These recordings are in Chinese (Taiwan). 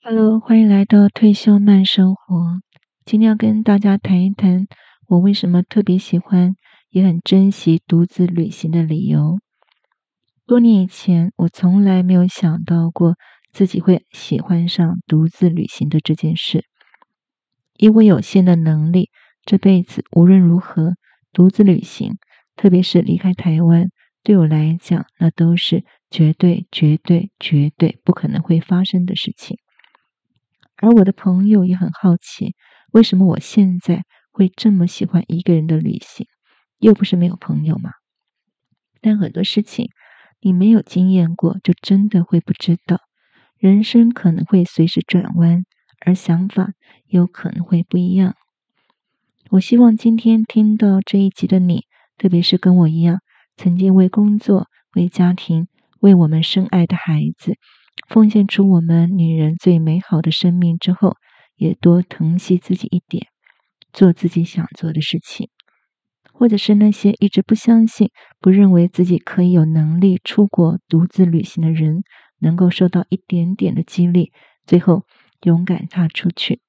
哈嘍，Hello, 歡迎來到退休慢生活。今天要跟大家談一談我為什麼特別喜歡，也很珍惜獨自旅行的理由。多年以前，我從來沒有想到過自己會喜歡上獨自旅行的這件事。以我有限的能力，這輩子無論如何獨自旅行，特別是離開台灣，對我來講，那都是絕對、絕對、絕對不可能會發生的事情。而我的朋友也很好奇，為什麼我現在會這麼喜歡一個人的旅行？又不是沒有朋友嘛？但很多事情，你沒有經驗過，就真的會不知道。人生可能會隨時轉彎，而想法有可能會不一樣。我希望今天聽到這一集的你，特別是跟我一樣，曾經為工作、為家庭、為我們深愛的孩子。奉獻出我們女人最美好的生命之後，也多疼惜自己一點，做自己想做的事情，或者是那些一直不相信、不認為自己可以有能力出國獨自旅行的人，能夠受到一點點的激勵，最後勇敢踏出去。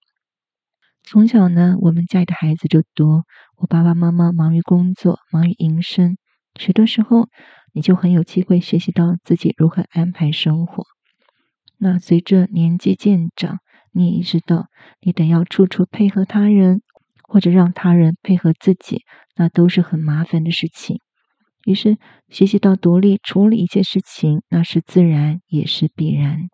從小呢，我們家的孩子就多，我爸爸媽媽忙於工作，忙於營生，許多時候你就很有機會學習到自己如何安排生活。那隨着年紀漸長，你也意識到，你得要處處配合他人，或者讓他人配合自己，那都是很麻煩的事情。於是，學習到獨立處理一切事情，那是自然也是必然。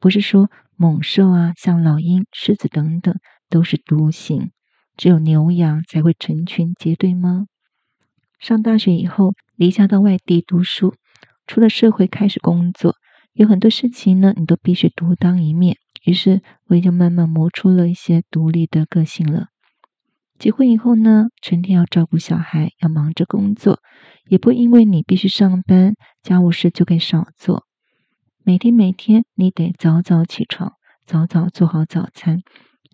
不是說猛獸啊，像老鷹、獅子等等都是獨行，只有牛羊才會成群結隊嗎？上大學以後，離家到外地讀書，出了社會開始工作。有很多事情呢，你都必須獨當一面。於是，我也就慢慢磨出了一些獨立的個性了。結婚以後呢，成天要照顧小孩，要忙着工作，也不因為你必須上班，家務事就該少做。每天每天，你得早早起床，早早做好早餐，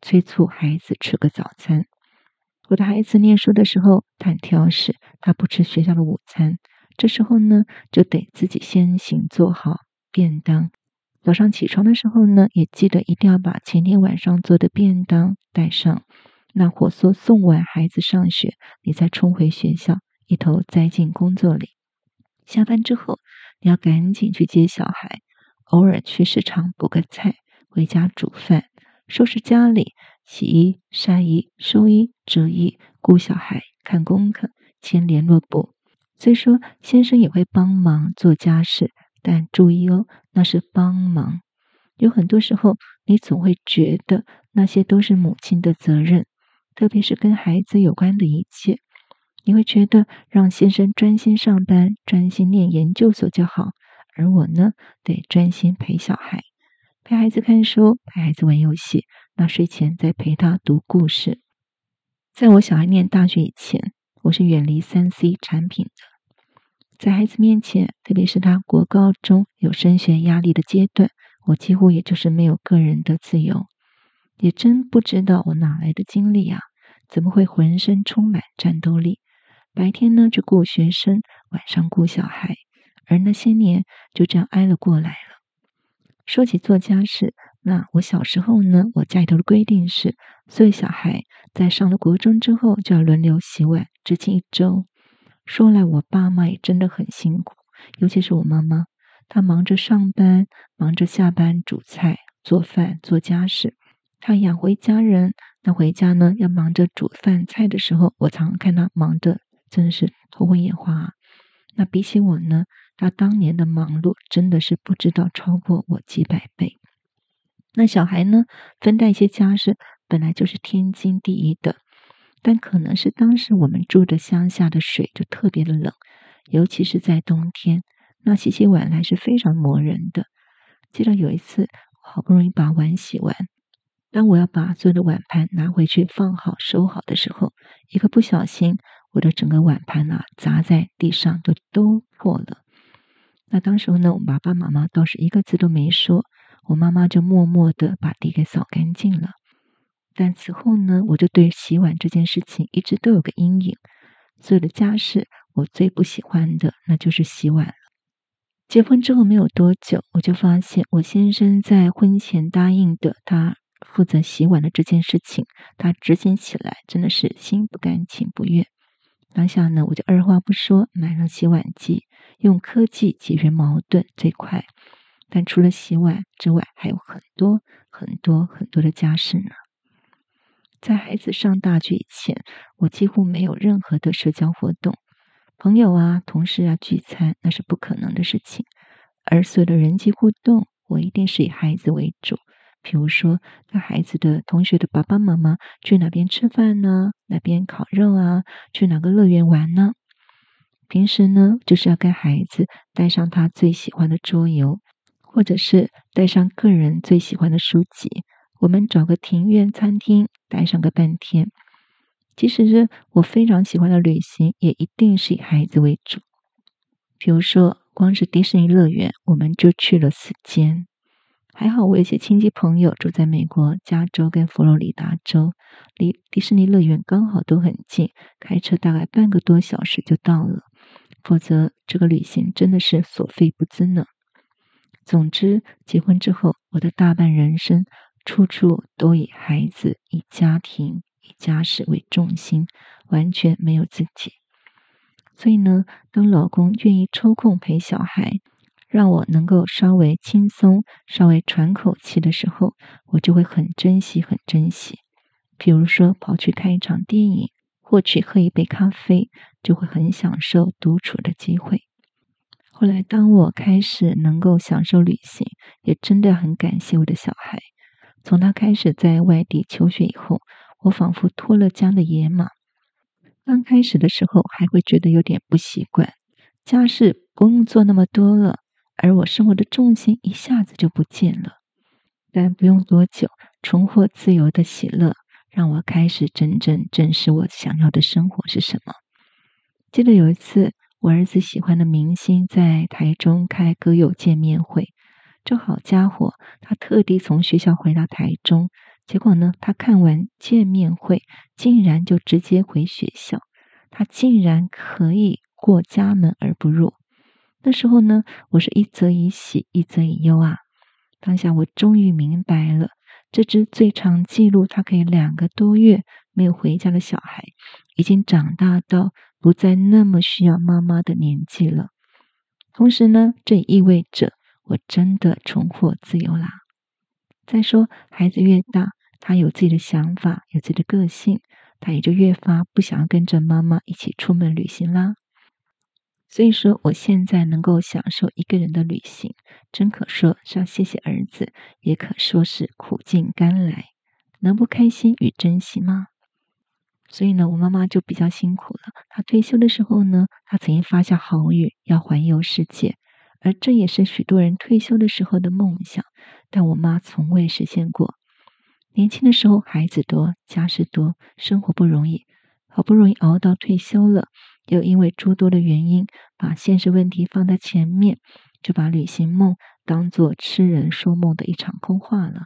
催促孩子吃個早餐。我的孩子念書的時候，他挑食，他不吃學校的午餐，這時候呢，就得自己先行做好。便當。早上起床的時候呢，也記得一定要把前天晚上做的便當帶上。那火速送完孩子上學，你再衝回學校，一頭栽進工作裡。下班之後，你要趕緊去接小孩，偶爾去市場補個菜，回家煮飯、收拾家裡、洗衣、曬衣、收衣、折衣、顧小孩、看功課、簽聯絡簿。雖說先生也會幫忙做家事。但注意哦，那是幫忙。有很多時候，你總會覺得那些都是母親的責任，特別是跟孩子有關的一切。你會覺得讓先生專心上班、專心念研究所就好，而我呢，得專心陪小孩，陪孩子看書，陪孩子玩遊戲，那睡前再陪他讀故事。在我小孩念大學以前，我是遠離三 C 產品的。在孩子面前，特別是他國高中有升學壓力的階段，我幾乎也就是沒有個人的自由。也真不知道我哪來的精力啊，怎麼會渾身充滿戰鬥力？白天呢就顧學生，晚上顧小孩，而那些年就這樣挨了過來了。說起做家事，那我小時候呢，我家裡頭的規定是，所有小孩在上了國中之後，就要輪流洗碗，執勤一週。說來，我爸媽也真的很辛苦，尤其是我媽媽，她忙着上班，忙着下班煮菜、做飯、做家事，她養活一家人。那回家呢，要忙着煮飯菜的時候，我常看她忙得，真的是頭昏眼花啊。那比起我呢，她當年的忙碌真的是不知道超過我幾百倍。那小孩呢，分擔一些家事，本來就是天經地義的。但可能是當時我們住的鄉下的水就特別的冷，尤其是在冬天，那洗起碗來是非常磨人的。記得有一次，好不容易把碗洗完，當我要把所有的碗盤拿回去放好收好的時候，一個不小心，我的整個碗盤啊砸在地上，都都破了。那當時候呢，我爸爸媽媽倒是一個字都沒說，我媽媽就默默的把地給掃乾淨了。但此後呢，我就對洗碗這件事情一直都有個陰影。所有的家事，我最不喜歡的那就是洗碗了。結婚之後沒有多久，我就發現我先生在婚前答應的他負責洗碗的這件事情，他執行起來真的是心不甘情不願。當下呢，我就二話不說買了洗碗機，用科技解決矛盾最快。但除了洗碗之外，還有很多很多很多的家事呢。在孩子上大學以前，我幾乎沒有任何的社交活動，朋友啊、同事啊聚餐，那是不可能的事情。而所有的人際互動，我一定是以孩子為主。比如說，帶孩子的同學的爸爸媽媽去哪邊吃飯呢？哪邊烤肉啊？去哪個樂園玩呢？平時呢，就是要跟孩子帶上他最喜歡的桌遊，或者是帶上個人最喜歡的書籍。我們找個庭院餐廳待上個半天，即使是我非常喜歡的旅行，也一定是以孩子為主。比如說，光是迪士尼樂園，我們就去了四間。還好我有些親戚朋友住在美國加州跟佛羅里達州，離迪士尼樂園剛好都很近，開車大概半個多小時就到了。否則，這個旅行真的是所費不貲呢。總之，結婚之後，我的大半人生。處處都以孩子、以家庭、以家事為重心，完全沒有自己。所以呢，當老公願意抽空陪小孩，讓我能夠稍微輕鬆、稍微喘口氣的時候，我就會很珍惜、很珍惜。比如說，跑去看一場電影，或去喝一杯咖啡，就會很享受獨處的機會。後來，當我開始能夠享受旅行，也真的很感謝我的小孩。從他開始在外地求學以後，我仿佛脫了韁的野馬。剛開始的時候，還會覺得有點不習慣，家事不用做那麼多了，而我生活的重心一下子就不見了。但不用多久，重獲自由的喜樂，讓我開始真正正視我想要的生活是什麼。記得有一次，我兒子喜歡的明星在台中開歌友見面會。這好家伙，他特地從學校回到台中，結果呢，他看完見面會，竟然就直接回學校。他竟然可以過家門而不入。那時候呢，我是一則以喜，一則以憂啊。當下我終於明白了，這只最長記錄他可以兩個多月沒有回家的小孩，已經長大到不再那麼需要媽媽的年紀了。同時呢，這也意味着。我真的重獲自由啦！再說，孩子越大，他有自己的想法，有自己的個性，他也就越發不想要跟着媽媽一起出門旅行啦。所以說，我現在能夠享受一個人的旅行，真可說是要謝謝兒子，也可說是苦盡甘來。能不開心與珍惜嗎？所以呢，我媽媽就比較辛苦了。她退休的時候呢，她曾經發下豪語，要環遊世界。而這也是許多人退休的時候的夢想，但我媽從未實現過。年輕的時候孩子多，家事多，生活不容易，好不容易熬到退休了，又因為諸多的原因，把現實問題放在前面，就把旅行夢當做痴人說夢的一場空話了。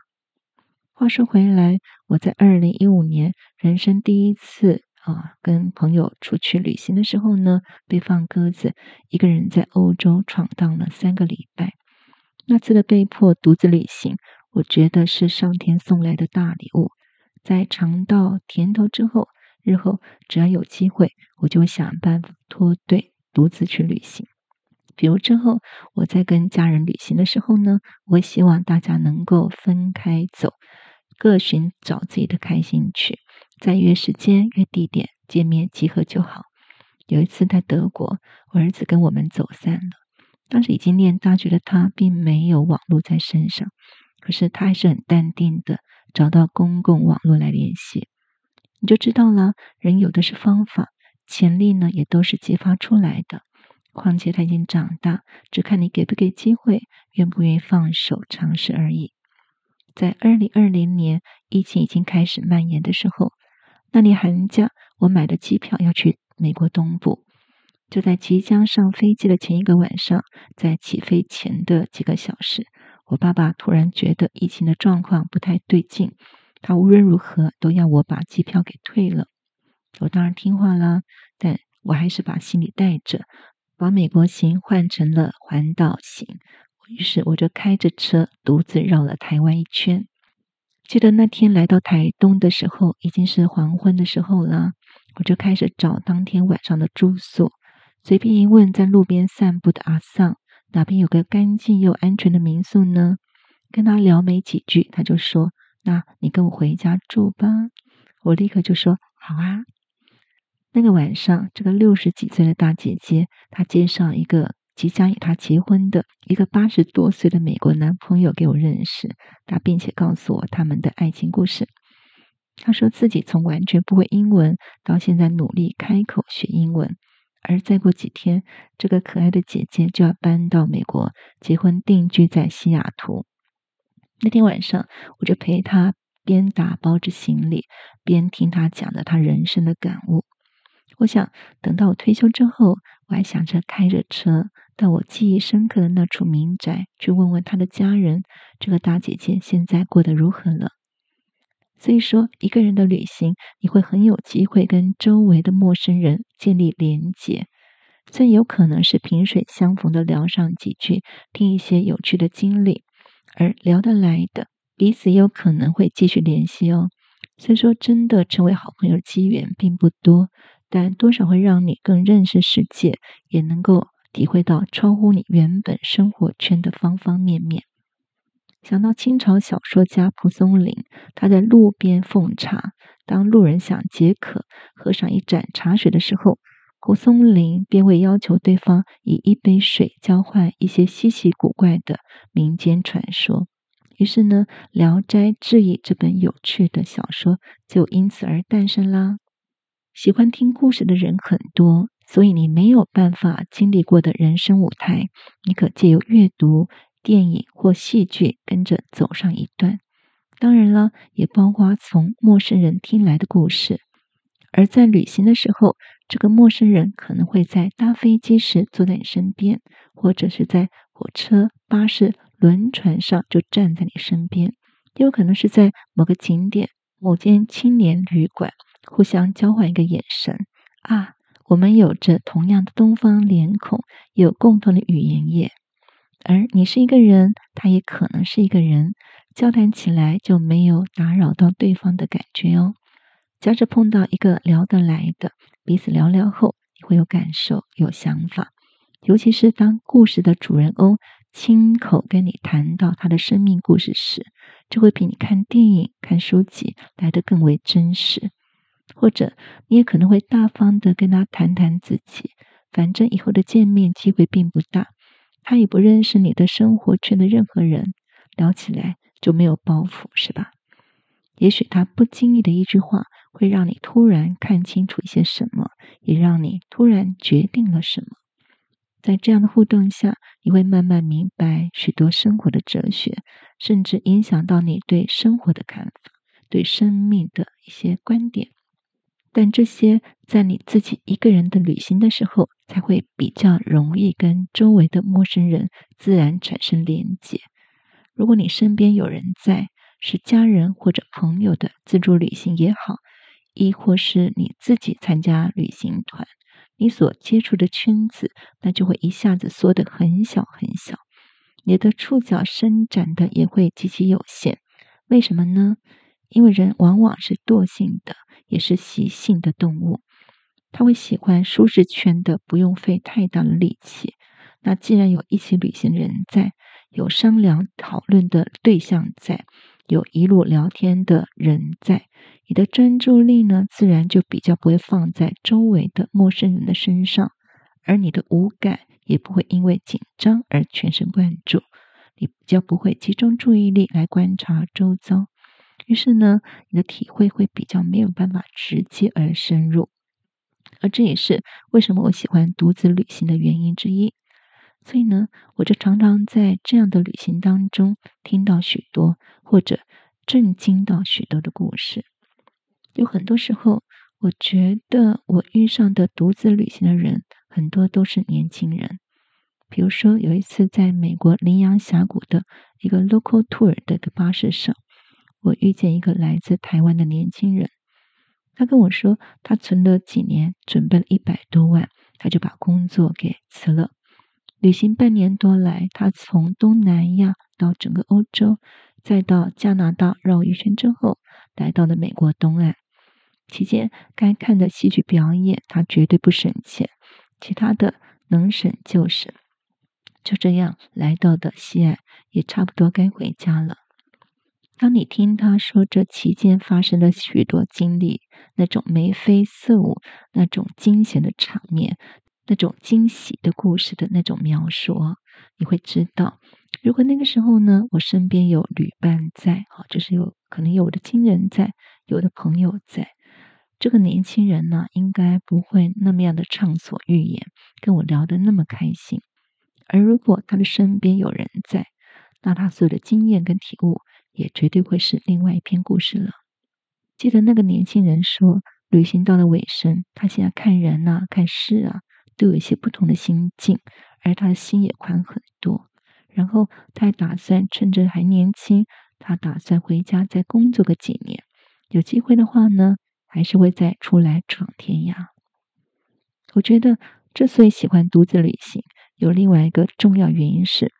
話說回來，我在二零一五年，人生第一次。啊，跟朋友出去旅行的時候呢，被放鴿子，一個人在歐洲闖蕩了三個禮拜。那次的被迫獨自旅行，我覺得是上天送來的大禮物。在嚐到甜頭之後，日後只要有機會，我就會想辦法脫隊，獨自去旅行。比如之後，我在跟家人旅行的時候呢，我希望大家能夠分開走，各尋找自己的開心去。再約時間、約地點見面集合就好。有一次在德國，我兒子跟我們走散了。當時已經念大學的他，並沒有網絡在身上，可是他還是很淡定的找到公共網絡來聯繫。你就知道了，人有的是方法，潛力呢也都是激發出來的。況且他已經長大，只看你給不給機會，願不願意放手嘗試而已。在二零二零年疫情已經開始蔓延的時候，那年寒假，我買的機票要去美國東部。就在即將上飛機的前一個晚上，在起飛前的幾個小時，我爸爸突然覺得疫情的狀況不太對勁，他無論如何都要我把機票給退了。我當然聽話啦，但我還是把行李帶着，把美國行換成了環島行。於是我就開着車獨自繞了台灣一圈。記得那天來到台東的時候，已經是黃昏的時候了，我就開始找當天晚上的住宿。隨便一問，在路邊散步的阿桑，哪邊有個乾淨又安全的民宿呢？跟他聊沒幾句，他就說：“那你跟我回家住吧。”我立刻就說：“好啊。”那個晚上，這個六十幾歲的大姐姐，她介紹一個，即將與他結婚的一個八十多歲的美國男朋友給我認識，他並且告訴我他們的愛情故事。他說自己從完全不會英文到現在努力開口學英文，而再過幾天，這個可愛的姐姐就要搬到美國結婚定居在西雅圖。那天晚上，我就陪她邊打包着行李，邊聽她講的她人生的感悟。我想，等到我退休之後，我還想着開着車。到我記憶深刻的那處民宅去問問他的家人，這個大姐姐現在過得如何了？所以說，一個人的旅行，你會很有機會跟周圍的陌生人建立連接，雖然有可能是萍水相逢的聊上幾句，聽一些有趣的經歷，而聊得來的彼此也有可能會繼續聯繫哦。雖說真的成為好朋友機緣並不多，但多少會讓你更認識世界，也能夠。體會到超乎你原本生活圈的方方面面。想到清朝小說家蒲松齡，他在路邊奉茶，當路人想解渴，喝上一盞茶水的時候，蒲松齡便會要求對方以一杯水交換一些稀奇古怪的民間傳說。於是呢，《聊齋誌異》這本有趣的小說就因此而誕生啦。喜歡聽故事的人很多。所以你沒有辦法經歷過的人生舞台，你可借由閱讀、電影或戲劇跟着走上一段。當然了，也包括從陌生人聽來的故事。而在旅行的時候，這個陌生人可能會在搭飛機時坐在你身邊，或者是在火車、巴士、輪船上就站在你身邊，也有可能是在某個景點、某間青年旅館，互相交換一個眼神啊。我們有着同樣的東方臉孔，也有共同的語言業。而你是一個人，他也可能是一個人，交談起來就沒有打擾到對方的感覺哦。加之碰到一個聊得來的，彼此聊聊後，你會有感受，有想法。尤其是當故事的主人翁親口跟你談到他的生命故事時，這會比你看電影、看書籍來得更為真實。或者你也可能會大方的跟他談談自己，反正以後的見面機會並不大，他也不認識你的生活圈的任何人，聊起來就沒有包袱，是吧？也許他不經意的一句話，會讓你突然看清楚一些什麼，也讓你突然決定了什麼。在這樣的互動下，你會慢慢明白許多生活的哲學，甚至影響到你對生活的看法，對生命的一些觀點。但這些在你自己一個人的旅行的時候，才會比較容易跟周圍的陌生人自然產生連接。如果你身邊有人在，是家人或者朋友的自助旅行也好，亦或是你自己參加旅行團，你所接觸的圈子，那就會一下子縮得很小很小，你的觸角伸展得也會極其有限。為什麼呢？因為人往往是惰性的，也是習性的動物，他會喜歡舒適圈的，不用費太大的力氣。那既然有一起旅行人在，有商量討論的對象在，有一路聊天的人在，你的專注力呢，自然就比較不會放在周圍的陌生人的身上，而你的五感也不會因為緊張而全神貫注，你比較不會集中注意力來觀察周遭。於是呢，你的體會會比較沒有辦法直接而深入，而這也是為什麼我喜歡獨自旅行的原因之一。所以呢，我就常常在這樣的旅行當中聽到許多或者震驚到許多的故事。有很多時候，我覺得我遇上的獨自旅行的人很多都是年輕人。比如說，有一次在美國羚羊峽谷的一個 local tour 的一個巴士上。我遇見一個來自台灣的年輕人，他跟我說，他存了幾年，準備了一百多萬，他就把工作給辭了。旅行半年多來，他從東南亞到整個歐洲，再到加拿大繞一圈之後，來到了美國東岸。期間，該看的戲劇表演他絕對不省錢，其他的能省就省。就這樣，來到的西岸也差不多該回家了。當你聽他說這期間發生了許多經歷，那種眉飛色舞，那種驚險的場面，那種驚喜的故事的那種描述，你會知道，如果那個時候呢，我身邊有旅伴在，哈，就是有可能有我的親人在，有的朋友在，這個年輕人呢，應該不會那麼樣的暢所欲言，跟我聊得那麼開心。而如果他的身邊有人在，那他所有的經驗跟體悟。也絕對會是另外一篇故事了。記得那個年輕人說，旅行到了尾聲，他現在看人吶、啊、看事啊，都有一些不同的心境，而他的心也寬很多。然後他還打算趁着還年輕，他打算回家再工作個幾年，有機會的話呢，還是會再出來闖天涯。我覺得，之所以喜歡獨自旅行，有另外一個重要原因是。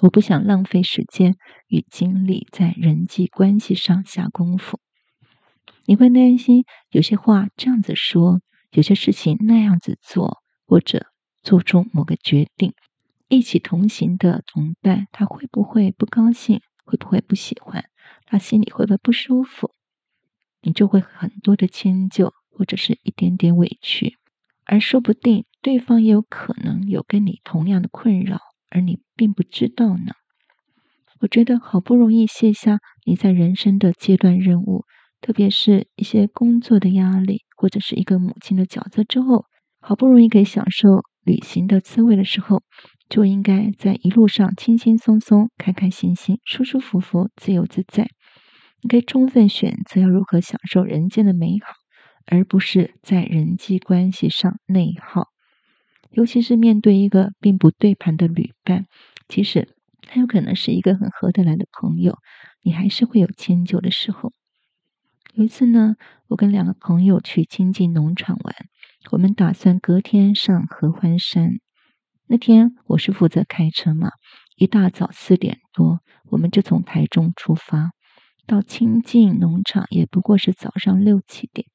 我不想浪費時間與精力在人際關係上下功夫。你會擔心有些話這樣子說，有些事情那樣子做，或者做出某個決定，一起同行的同伴，他會不會不高興？會不會不喜歡？他心裡會不會不舒服？你就會很多的遷就，或者是一點點委屈，而說不定對方也有可能有跟你同樣的困擾。而你並不知道呢。我覺得好不容易卸下你在人生的階段任務，特別是一些工作的壓力或者是一個母親的角色之後，好不容易可以享受旅行的滋味的時候，就應該在一路上輕輕鬆鬆、開開心心、舒舒服服、自由自在。你可以充分選擇要如何享受人間的美好，而不是在人際關係上內耗。尤其是面對一個並不對盤的旅伴，其實他有可能是一個很合得來的朋友，你還是會有遷就的時候。有一次呢，我跟兩個朋友去清境農場玩，我們打算隔天上合歡山。那天我是負責開車嘛，一大早四點多我們就從台中出發，到清境農場也不過是早上六七點。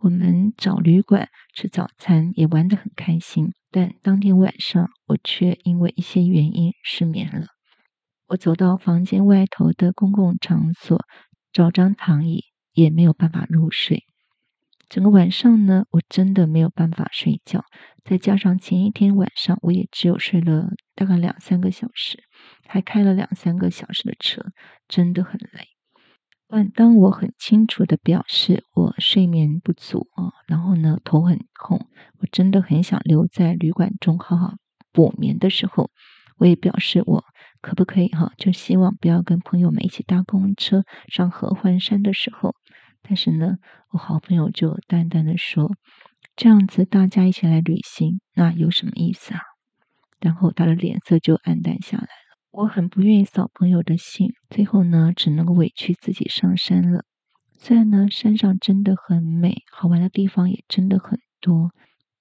我們找旅館吃早餐，也玩得很開心。但當天晚上，我卻因為一些原因失眠了。我走到房間外頭的公共場所找張躺椅，也沒有辦法入睡。整個晚上呢，我真的沒有辦法睡覺。再加上前一天晚上，我也只有睡了大概兩三個小時，還開了兩三個小時的車，真的很累。但當我很清楚的表示我睡眠不足啊，然後呢頭很痛，我真的很想留在旅館中好好補眠的時候，我也表示我可不可以哈，就希望不要跟朋友們一起搭公車上合歡山的時候。但是呢，我好朋友就淡淡的說，這樣子大家一起來旅行，那有什麼意思啊？然後他的臉色就黯淡下來。我很不願意掃朋友的興，最後呢，只能夠委屈自己上山了。雖然呢，山上真的很美，好玩的地方也真的很多，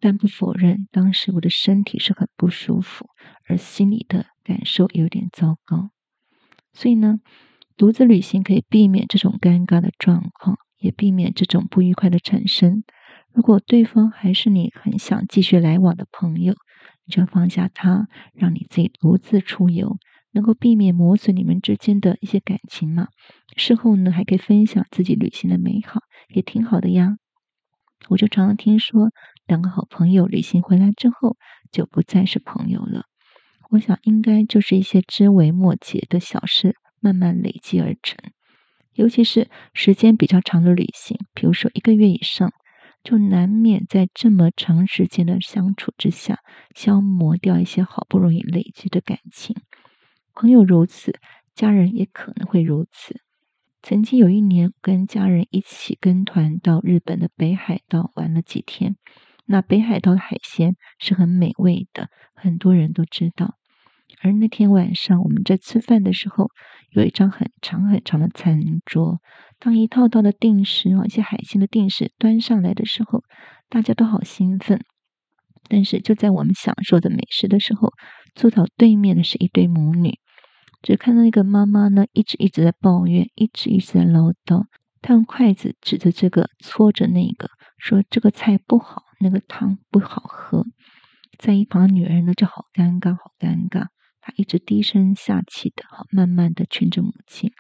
但不否認，當時我的身體是很不舒服，而心裡的感受有點糟糕。所以呢，獨自旅行可以避免這種尷尬的狀況，也避免這種不愉快的產生。如果對方還是你很想繼續來往的朋友，你就放下他，讓你自己獨自出遊。能夠避免磨損你們之間的一些感情嘛？事後呢，還可以分享自己旅行的美好，也挺好的呀。我就常常聽說，兩個好朋友旅行回來之後就不再是朋友了。我想，應該就是一些枝微末節的小事慢慢累積而成。尤其是時間比較長的旅行，比如說一個月以上，就難免在這麼長時間的相處之下消磨掉一些好不容易累積的感情。朋友如此，家人也可能會如此。曾經有一年，跟家人一起跟團到日本的北海道玩了幾天。那北海道的海鮮是很美味的，很多人都知道。而那天晚上，我們在吃飯的時候，有一張很長很長的餐桌。當一套套的定食往一些海鮮的定食端上來的時候，大家都好興奮。但是就在我們享受著美食的時候，坐到對面的是一對母女。只看到那個媽媽呢，一直一直在抱怨，一直一直在嘮叨。她用筷子指着這個，搓着那個，說這個菜不好，那個湯不好喝。在一旁女兒呢，就好尷尬，好尷尬。她一直低聲下氣的，好慢慢的勸着母親。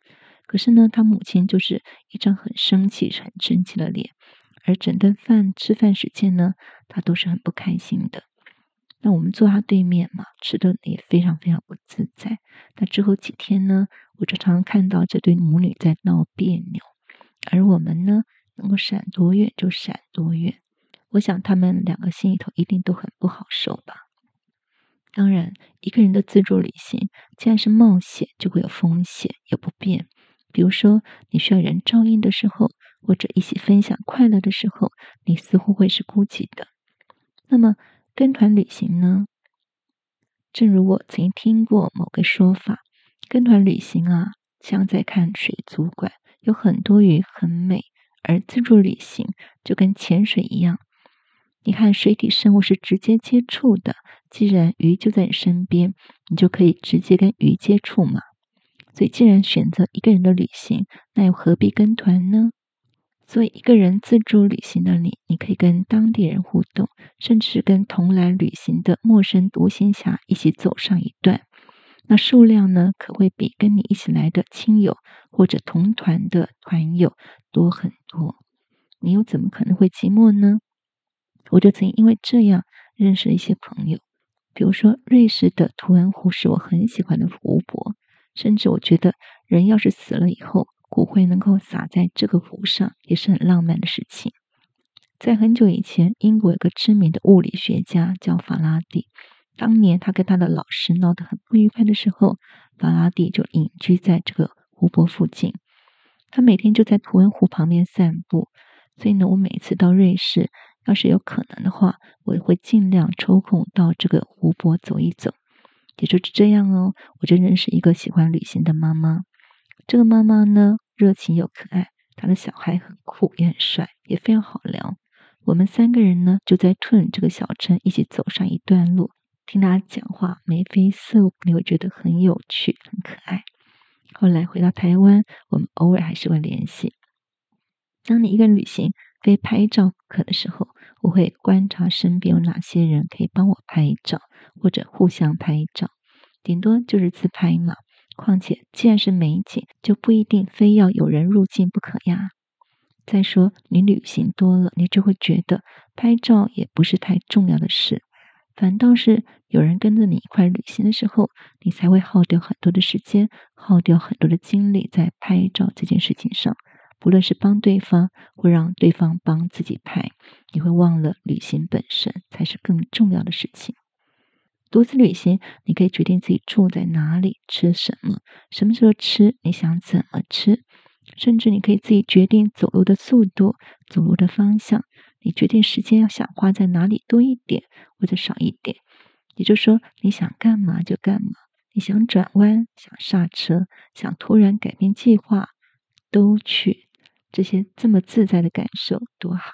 可是呢，她母親就是一張很生氣、很生氣的臉，而整頓飯吃飯時間呢，她都是很不開心的。那我們坐他對面嘛，吃的也非常非常不自在。那之後幾天呢，我常常看到這對母女在鬧彆扭，而我們呢，能夠閃多遠就閃多遠。我想他們兩個心裡頭一定都很不好受吧。當然，一個人的自助旅行既然是冒險，就會有風險，有不便。比如說，你需要人照應的時候，或者一起分享快樂的時候，你似乎會是孤寂的。那麼，跟團旅行呢，正如我曾經聽過某個說法，跟團旅行啊，像在看水族館，有很多魚很美；而自助旅行就跟潛水一樣，你看水底生物是直接接觸的。既然魚就在你身邊，你就可以直接跟魚接觸嘛。所以，既然選擇一個人的旅行，那又何必跟團呢？所以，一個人自助旅行的你，你可以跟當地人互動，甚至跟同來旅行的陌生獨行俠一起走上一段。那數量呢，可會比跟你一起來的親友或者同團的團友多很多。你又怎麼可能會寂寞呢？我就曾因為這樣認識了一些朋友。比如說，瑞士的圖恩湖是我很喜歡的湖泊，甚至我覺得人要是死了以後。骨灰能夠灑在這個湖上，也是很浪漫的事情。在很久以前，英國有個知名的物理學家叫法拉第。當年他跟他的老師鬧得很不愉快的時候，法拉第就隱居在這個湖泊附近。他每天就在圖文湖旁邊散步。所以呢，我每次到瑞士，要是有可能的話，我也會盡量抽空到這個湖泊走一走。也就是這樣哦，我就認識一個喜歡旅行的媽媽。這個媽媽呢，熱情又可愛，她的小孩很酷也很帥，也非常好聊。我們三個人呢，就在屯這個小鎮一起走上一段路，聽他講話，眉飛色舞，我覺得很有趣，很可愛。後來回到台灣，我們偶爾還是會聯繫。當你一個人旅行，非拍照不可的時候，我會觀察身邊有哪些人可以幫我拍照，或者互相拍照，頂多就是自拍嘛。況且，既然是美景，就不一定非要有人入鏡不可呀。再說，你旅行多了，你就會覺得拍照也不是太重要的事。反倒是有人跟着你一塊旅行的時候，你才會耗掉很多的時間，耗掉很多的精力在拍照這件事情上。不論是幫對方，或讓對方幫自己拍，你會忘了旅行本身才是更重要的事情。獨自旅行，你可以決定自己住在哪裡、吃什麼、什麼時候吃、你想怎麼吃，甚至你可以自己決定走路的速度、走路的方向。你決定時間要想花在哪裡多一點，或者少一點。也就是說，你想幹嘛就幹嘛，你想轉彎、想剎車、想突然改變計劃，都去。這些這麼自在的感受，多好！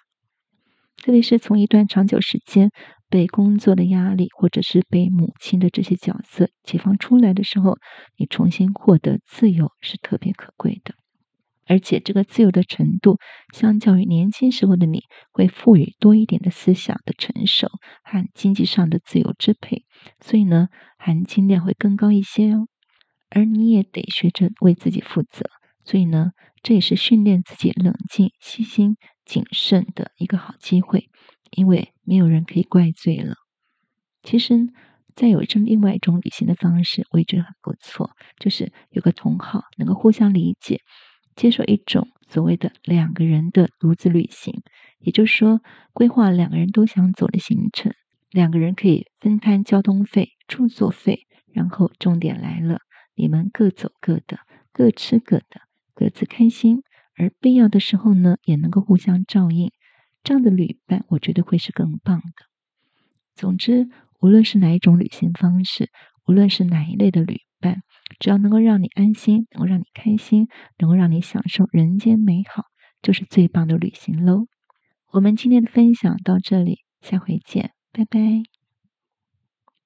特別是從一段長久時間被工作的壓力，或者是被母親的這些角色解放出來的時候，你重新獲得自由是特別可貴的。而且，這個自由的程度，相較於年輕時候的你，會賦予多一點的思想的成熟和經濟上的自由支配，所以呢，含金量會更高一些哦。而你也得學着為自己負責，所以呢，這也是訓練自己冷靜、細心。謹慎的一個好機會，因為沒有人可以怪罪了。其實，再有一種另外一種旅行的方式，我也覺得很不錯，就是有個同好能夠互相理解，接受一種所謂的兩個人的獨自旅行。也就是說，規劃兩個人都想走的行程，兩個人可以分攤交通費、住宿費，然後重點來了，你們各走各的，各吃各的，各自開心。而必要的時候呢，也能夠互相照應，這樣的旅伴，我覺得會是更棒的。總之，無論是哪一種旅行方式，無論是哪一類的旅伴，只要能夠讓你安心，能夠讓你開心，能夠讓你享受人間美好，就是最棒的旅行嘍。我們今天的分享到這裡，下回見，拜拜。